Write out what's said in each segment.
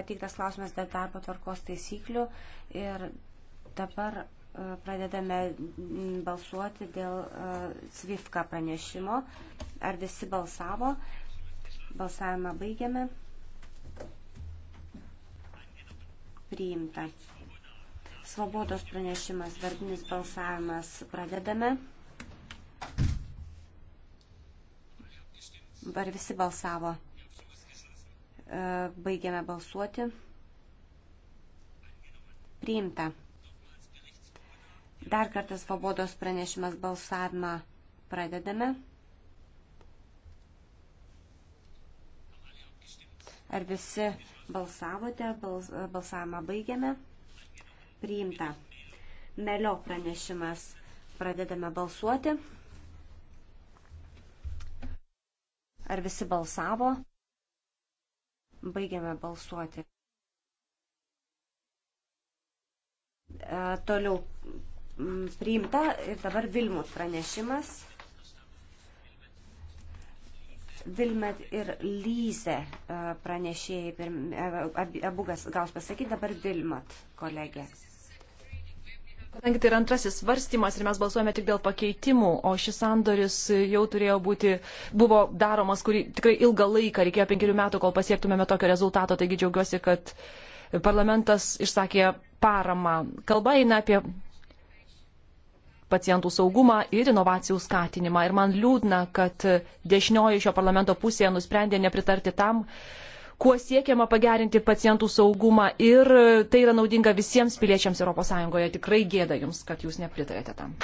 pateiktas klausimas dėl darbo tvarkos taisyklių ir dabar e, pradedame balsuoti dėl e, Svifka pranešimo. Ar visi balsavo? Balsavimą baigiame. Priimta. Svobodos pranešimas, darbinis balsavimas pradedame. Ar visi balsavo? Baigiame balsuoti. Priimta. Dar kartą svobodos pranešimas balsavimą pradedame. Ar visi balsavote? Bals, balsavimą baigiame. Priimta. Melio pranešimas. Pradedame balsuoti. Ar visi balsavo? Baigiame balsuoti. E, toliau mm, priimta ir dabar Vilmut pranešimas. Vilmet ir Lyze e, pranešėjai, e, abu gaus pasakyti, dabar Vilmat kolegė. Kadangi tai yra antrasis svarstymas ir mes balsuojame tik dėl pakeitimų, o šis sandoris jau turėjo būti, buvo daromas, kurį tikrai ilgą laiką, reikėjo penkerių metų, kol pasiektumėme tokio rezultato, taigi džiaugiuosi, kad parlamentas išsakė paramą. Kalba eina apie pacientų saugumą ir inovacijų skatinimą. Ir man liūdna, kad dešinioji šio parlamento pusėje nusprendė nepritarti tam, kuo siekiama pagerinti pacientų saugumą ir tai yra naudinga visiems piliečiams ES. Tikrai gėda jums, kad jūs nepritarėte tam.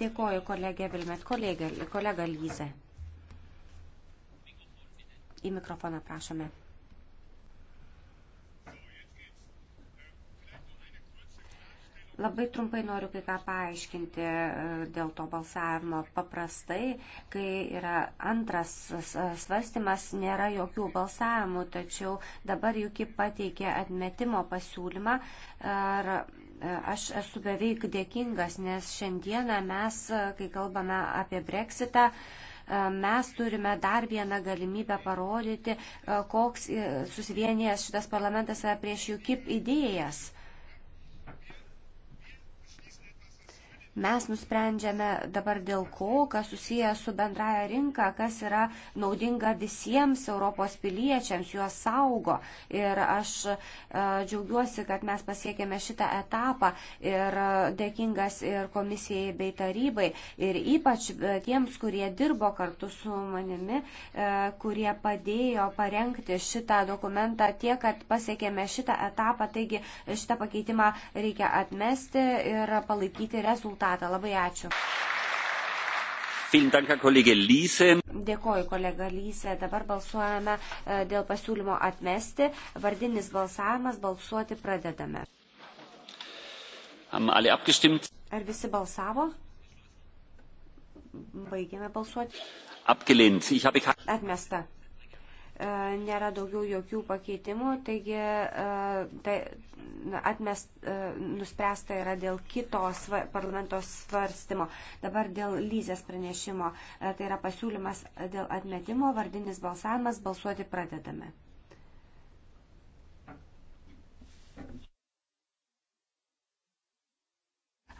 Dėkoju kolegė Vilmet, kolega, kolega Lyze. Į mikrofoną prašome. Labai trumpai noriu kai ką paaiškinti e, dėl to balsavimo. Paprastai, kai yra antras svarstymas, nėra jokių balsavimų, tačiau dabar juk pateikė atmetimo pasiūlymą. Ir e, aš esu beveik dėkingas, nes šiandieną mes, e, kai kalbame apie breksitą, mes turime dar vieną galimybę parodyti, koks susivienijęs šitas parlamentas yra prieš jų kip idėjas. Mes nusprendžiame dabar dėl ko, kas susiję su bendraja rinka, kas yra naudinga visiems Europos piliečiams, juos saugo. Ir aš e, džiaugiuosi, kad mes pasiekėme šitą etapą ir e, dėkingas ir komisijai bei tarybai. Ir ypač e, tiems, kurie dirbo kartu su manimi, e, kurie padėjo parengti šitą dokumentą tiek, kad pasiekėme šitą etapą. Taigi šitą pakeitimą reikia atmesti ir palaikyti rezultatą rezultatą. Labai ačiū. Dėkoju, kolega Lyse. Dabar balsuojame e, dėl pasiūlymo atmesti. Vardinis balsavimas. Balsuoti pradedame. Ar visi balsavo? Baigėme balsuoti. Atmesta. E, nėra daugiau jokių pakeitimų, taigi e, tai, atmest, e, nuspręsta yra dėl kito sva, parlamento svarstymo. Dabar dėl lyzės pranešimo, tai yra pasiūlymas dėl atmetimo, vardinis balsavimas, balsuoti pradedame.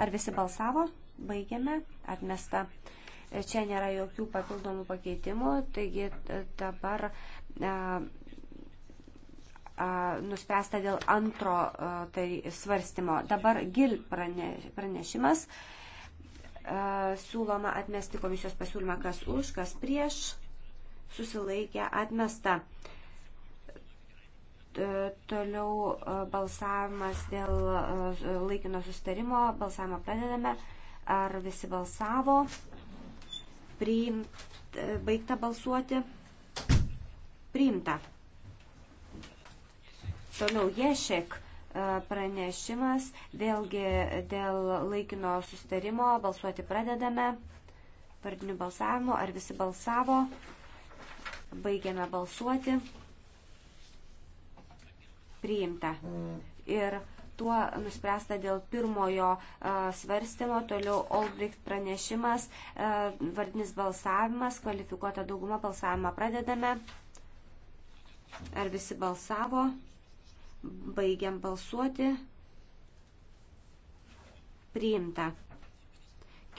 Ar visi balsavo? Baigiame. Atmesta čia nėra jokių papildomų pakeitimų, taigi dabar nuspręsta dėl antro tai svarstymo. Dabar gil pranešimas. Siūloma atmesti komisijos pasiūlymą, kas už, kas prieš. Susilaikė atmesta. Toliau balsavimas dėl laikino sustarimo. Balsavimą pradedame. Ar visi balsavo? Priimt, baigta balsuoti priimta. Toliau Ješek e, pranešimas, vėlgi dėl laikino sustarimo balsuoti pradedame, vardiniu balsavimu, ar visi balsavo, baigiame balsuoti, priimta. Ir tuo nuspręsta dėl pirmojo uh, svarstymo, toliau Olbricht pranešimas, uh, vardinis balsavimas, kvalifikuota dauguma balsavimą pradedame. Ar visi balsavo? Baigiam balsuoti. Priimta.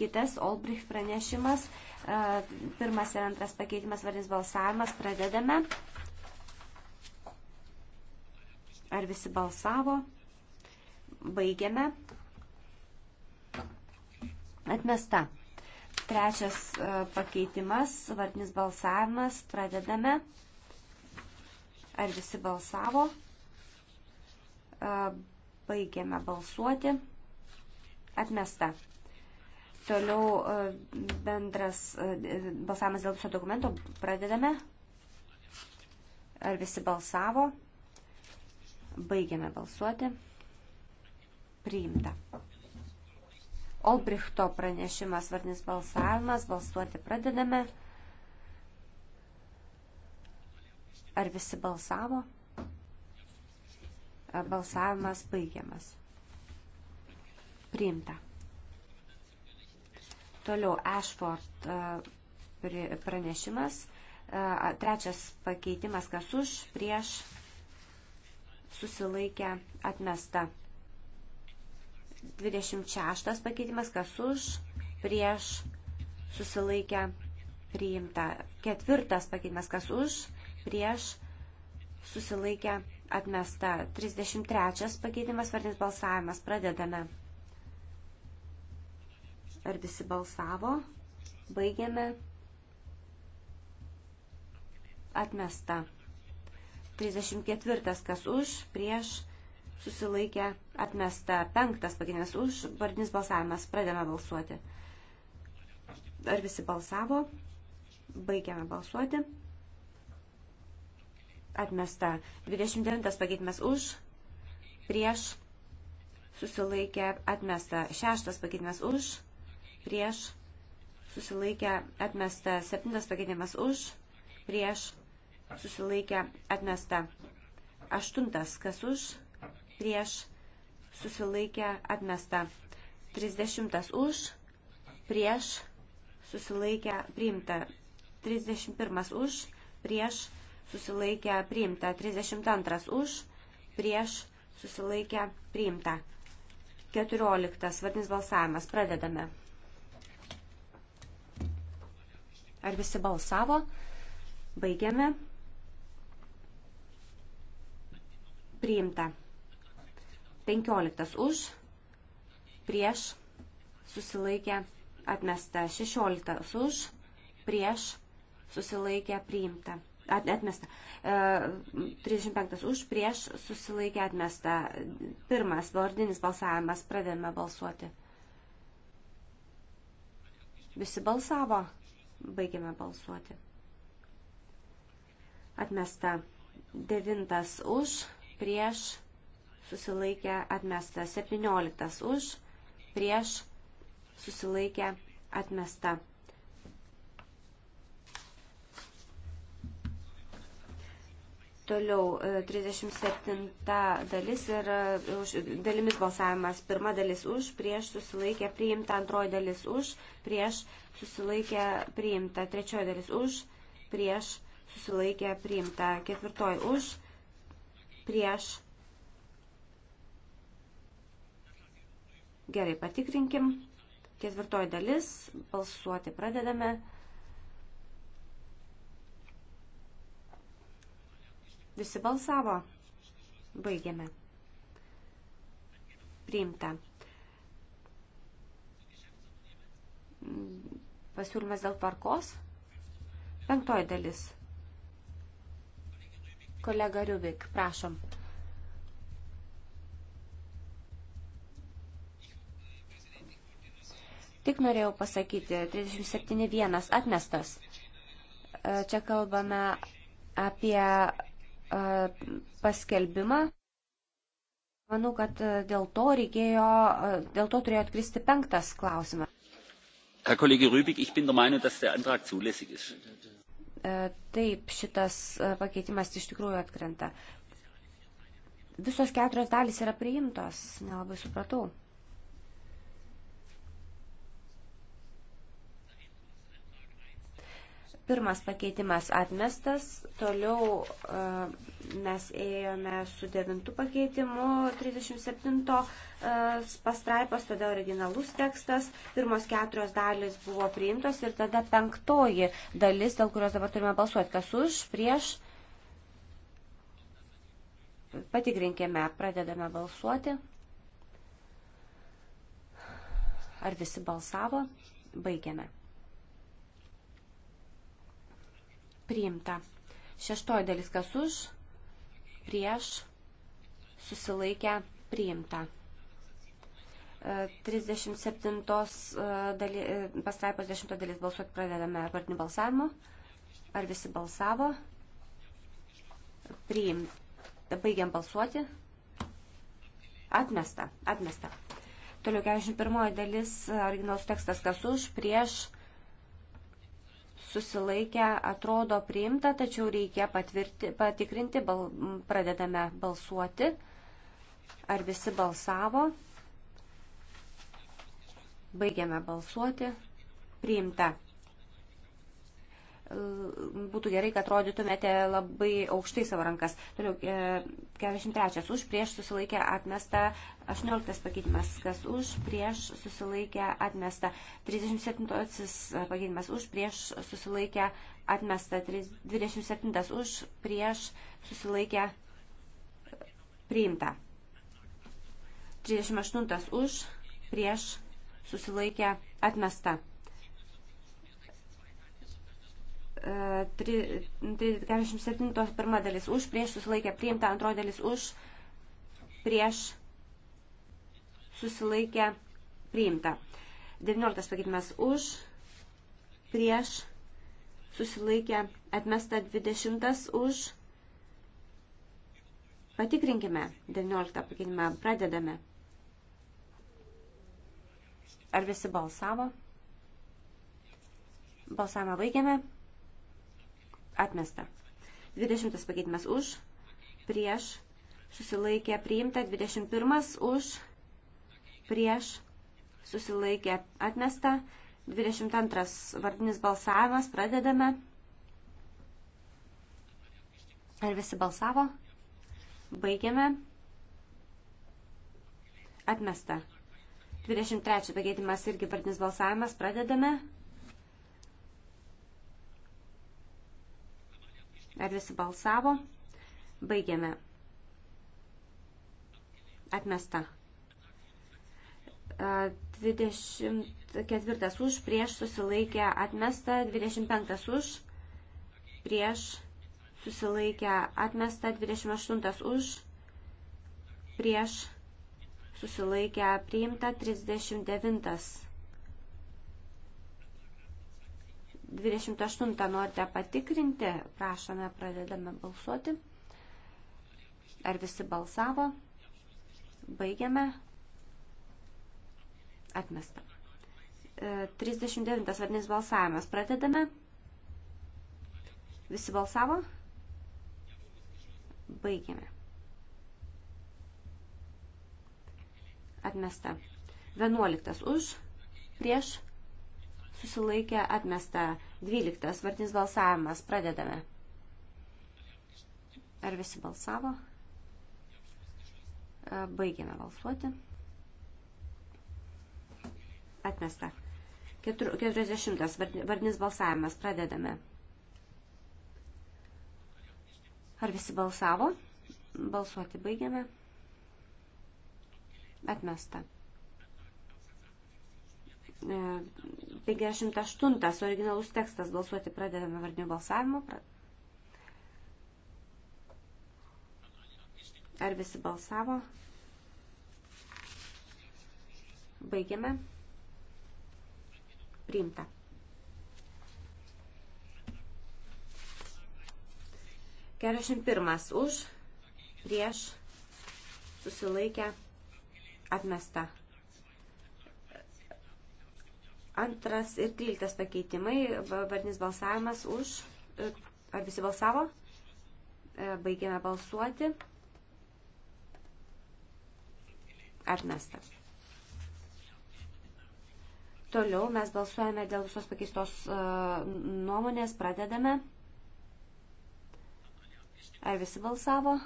Kitas Olbrich pranešimas. Pirmas ir antras pakeitimas vardinis balsavimas. Pradedame. Ar visi balsavo? Baigiame. Atmesta. Trečias pakeitimas, vardinis balsavimas. Pradedame. Pradedame. Ar visi balsavo? E, baigėme balsuoti. Atmesta. Toliau e, bendras e, balsavimas dėl viso dokumento. Pradedame. Ar visi balsavo? Baigiame balsuoti. Priimta. Olbrichto pranešimas, vardinis balsavimas. Balsuoti pradedame. Pradedame. Ar visi balsavo? Balsavimas baigiamas. Priimta. Toliau Ashford pranešimas. Trečias pakeitimas, kas už, prieš, susilaikę, atmesta. 26 pakeitimas, kas už, prieš, susilaikę, priimta. Ketvirtas pakeitimas, kas už, prieš susilaikę atmesta. 33 pakeitimas vardinis balsavimas. Pradedame. Ar visi balsavo? Baigiame. Atmesta. 34 kas už, prieš susilaikę atmesta. 5 pakeitimas už, vardinis balsavimas. Pradedame balsuoti. Ar visi balsavo? Baigiame balsuoti atmesta. 29 pakeitimas už, prieš, susilaikė, atmesta. 6 pakeitimas už, prieš, susilaikė, atmesta. 7 pakeitimas už, prieš, susilaikė, atmesta. 8 kas už, prieš, susilaikė, atmesta. 30 už, prieš, susilaikė, priimta. 31 už, prieš, susilaikę priimta. 32 už, prieš susilaikę priimta. 14 vadinis balsavimas. Pradedame. Ar visi balsavo? Baigiame. Priimta. 15 už, prieš, susilaikė, atmesta. 16 už, prieš, susilaikė, priimta atmesta. 35 e, už, prieš susilaikė atmesta. Pirmas vardinis balsavimas, pradėjome balsuoti. Visi balsavo, baigėme balsuoti. Atmesta. Devintas už, prieš susilaikė atmesta. 17 už, prieš susilaikė atmesta. Toliau 37 e, dalis ir e, už, dalimis balsavimas. Pirma dalis už, prieš susilaikė priimta, antroji dalis už, prieš susilaikė priimta, trečioji dalis už, prieš susilaikė priimta, ketvirtoji už, prieš. Gerai, patikrinkim. Ketvirtoji dalis, balsuoti pradedame. Visi balsavo. Baigiame. Priimta. Pasiūlymas dėl tvarkos. Penktoji dalis. Kolega Riubik, prašom. Tik norėjau pasakyti, 37.1 atmestas. Čia kalbame apie paskelbimą. Manau, kad dėl to reikėjo, dėl to turėjo atkristi penktas klausimas. Herr Kollege Rübig, ich bin der Meinung, dass der Antrag zulässig ist. Taip, šitas pakeitimas iš tikrųjų atkrenta. Visos keturios dalys yra priimtos, nelabai supratau. Pirmas pakeitimas atmestas, toliau e, mes ėjome su devintu pakeitimu 37 e, pastraipos, tada originalus tekstas, pirmos keturios dalis buvo priimtos ir tada penktoji dalis, dėl kurios dabar turime balsuoti, kas už, prieš, patikrinkime, pradedame balsuoti. Ar visi balsavo? Baigiame. priimta. Šeštoji dalis kas už, prieš, susilaikę, priimta. 37 e, e, daly, e, pastraipos 10 dalis balsuoti pradedame vardiniu balsavimu. Ar visi balsavo? Priim. Baigiam balsuoti. Atmesta. Atmesta. Toliau 41 dalis originalus tekstas kas už, prieš, susilaikę atrodo priimta, tačiau reikia patvirti, patikrinti, bal, pradedame balsuoti, ar visi balsavo. Baigiame balsuoti. Priimta būtų gerai, kad rodytumėte labai aukštai savo rankas. Toliau, 43. E, už prieš susilaikę atmestą. 18. pakeitimas. Kas už prieš susilaikę atmestą. 37. pakeitimas. Už prieš susilaikę atmestą. 27. Už prieš susilaikę priimtą. 38. Už prieš susilaikę atmestą. 47 pirma dalis už, prieš susilaikė priimta, antroji dalis už, prieš susilaikė priimta. 19 pakeitimas už, prieš susilaikė atmesta 20 už. Patikrinkime 19 pakeitimą, pradedame. Ar visi balsavo? Balsavimą baigiame atmesta. 20 pakeitimas už, prieš, susilaikė priimta, 21 už, prieš, susilaikė atmesta, 22 vardinis balsavimas, pradedame. Ar visi balsavo? Baigiame. Atmesta. 23 pakeitimas irgi partinis balsavimas, pradedame. Ar visi balsavo? Baigiame. Atmesta. 24 už, prieš susilaikę atmesta, 25 už, prieš susilaikę atmesta, 28 už, prieš susilaikę priimta, 39 28 norite patikrinti, prašome, pradedame balsuoti. Ar visi balsavo? Baigiame. Atmesta. 39 e, vadinis balsavimas. Pradedame. Visi balsavo? Baigiame. Atmesta. 11 už, prieš, susilaikė atmesta. 12. Vartinis balsavimas. Pradedame. Ar visi balsavo? E, baigiame balsuoti. Atmesta. 40. Vardinis balsavimas. Pradedame. Ar visi balsavo? Balsuoti baigiame. Atmesta. E, 58 originalus tekstas balsuoti pradedame vardinių balsavimo. Ar visi balsavo? Baigiame. Priimta. Kerašim pirmas už, prieš, susilaikę, atmesta. Antras ir tryliktas pakeitimai, vardinis balsavimas už. E, ar visi balsavo? E, Baigėme balsuoti. Atmesta. Toliau mes balsuojame dėl visos pakeistos e, nuomonės, pradedame. Ar visi balsavo?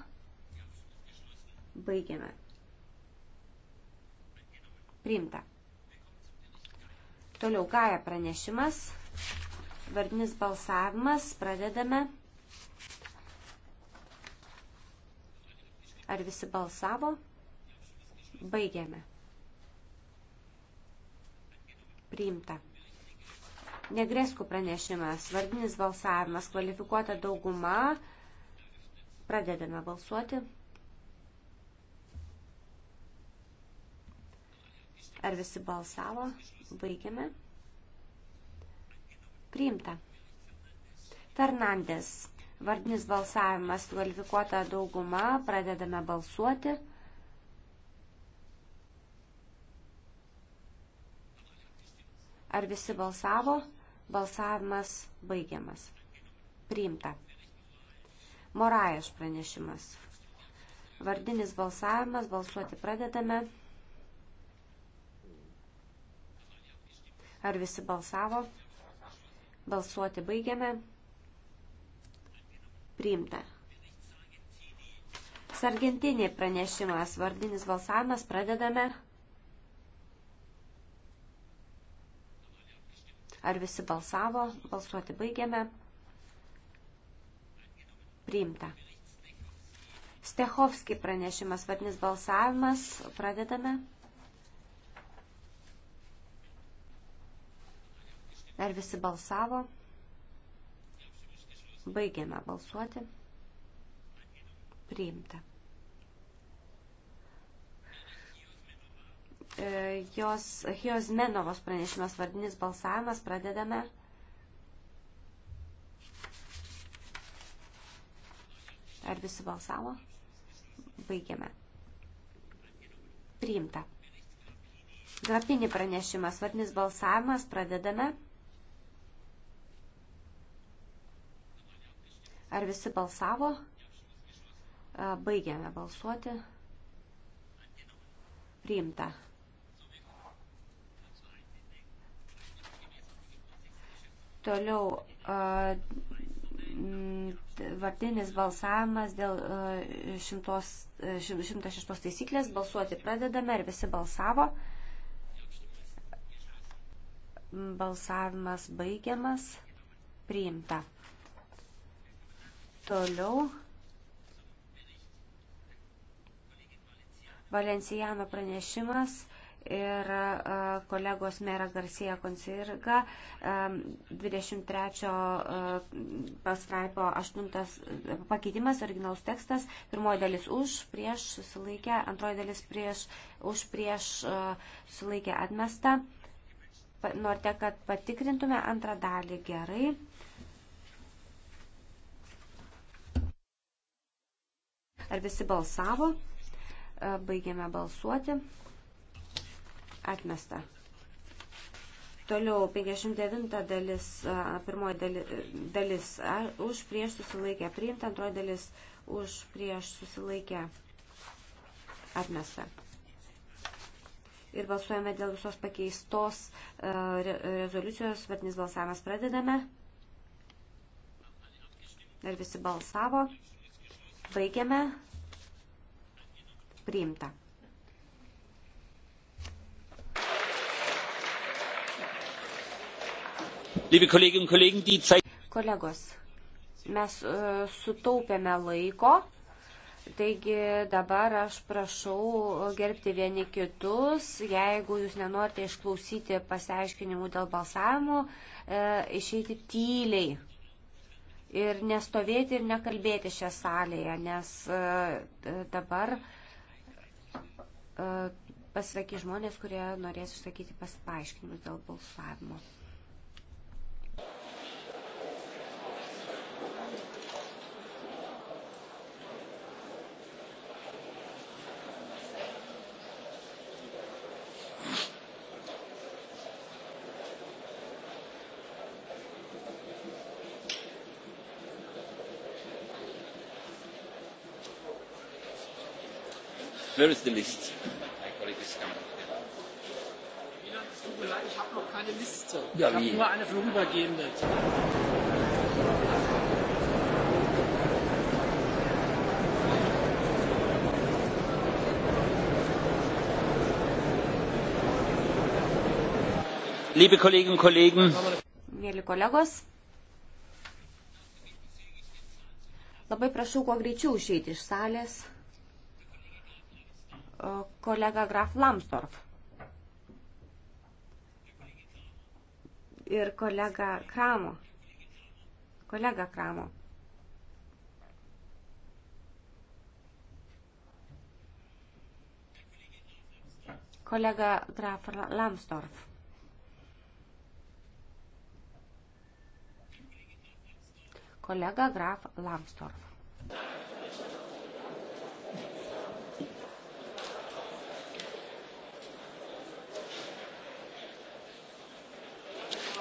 Baigėme. Priimta. Toliau Gaja pranešimas, vardinis balsavimas, pradedame. Ar visi balsavo? Baigiame. Priimta. Negreskų pranešimas, vardinis balsavimas, kvalifikuota dauguma. Pradedame balsuoti. Ar visi balsavo? Baigiame. Priimta. Fernandes. Vardinis balsavimas kvalifikuota dauguma. Pradedame balsuoti. Ar visi balsavo? Balsavimas baigiamas. Priimta. Morajas pranešimas. Vardinis balsavimas. Balsuoti pradedame. Ar visi balsavo? Balsuoti baigiame. Priimta. Sargentinį pranešimas, vardinis balsavimas, pradedame. Ar visi balsavo? Balsuoti baigiame. Priimta. Stechovski pranešimas, vardinis balsavimas, pradedame. Pradedame. Ar visi balsavo? Baigiame balsuoti. Priimta. E, jos, Hios Menovos pranešimas vardinis balsavimas pradedame. Ar visi balsavo? Baigiame. Priimta. Grapinį pranešimas, vardinis balsavimas, pradedame. Ar visi balsavo? Baigiame balsuoti. Priimta. Toliau vardinis balsavimas dėl 106 taisyklės. Balsuoti pradedame ir visi balsavo. Balsavimas baigiamas. Priimta. Toliau. Valencijano pranešimas ir kolegos Mera Garcia Konsirga 23 pastraipo 8 pakeitimas, originalus tekstas, pirmoji dalis už, prieš susilaikę, antroji dalis prieš, už, prieš susilaikę atmestą. Norite, kad patikrintume antrą dalį gerai. Ar visi balsavo? E, baigėme balsuoti. Atmesta. Toliau 59 dalis, e, pirmoji dalis, dalis už prieš susilaikę priimta, antroji dalis už prieš susilaikę atmesta. Ir balsuojame dėl visos pakeistos e, rezoliucijos, vadinis balsavimas pradedame. Ar visi balsavo? Baigiame. Priimta. Liebe Kolleginnen und Kollegen, die Zeit. Kolegos, mes uh, sutaupėme laiko, taigi dabar aš prašau gerbti vieni kitus. Jeigu jūs nenorite išklausyti pasiaiškinimų dėl balsavimų, uh, e, išeiti tyliai ir nestovėti ir nekalbėti šią salėje, nes e, dabar e, pasveiki žmonės, kurie norės išsakyti pasipaaiškinimus dėl balsavimo. Where is the list? Tut mir leid, ich habe noch keine Liste. Ja, ich habe nur eine vorübergehende. Liebe Kolleginnen und Kollegen, Mėly kolegos, labai prašau kuo greičiau išeiti iš salės kolega Graf Lamsdorf. Ir kolega Kramo. Kolega Kramo. Kolega Graf Lamsdorf. Kolega Graf Lamsdorf.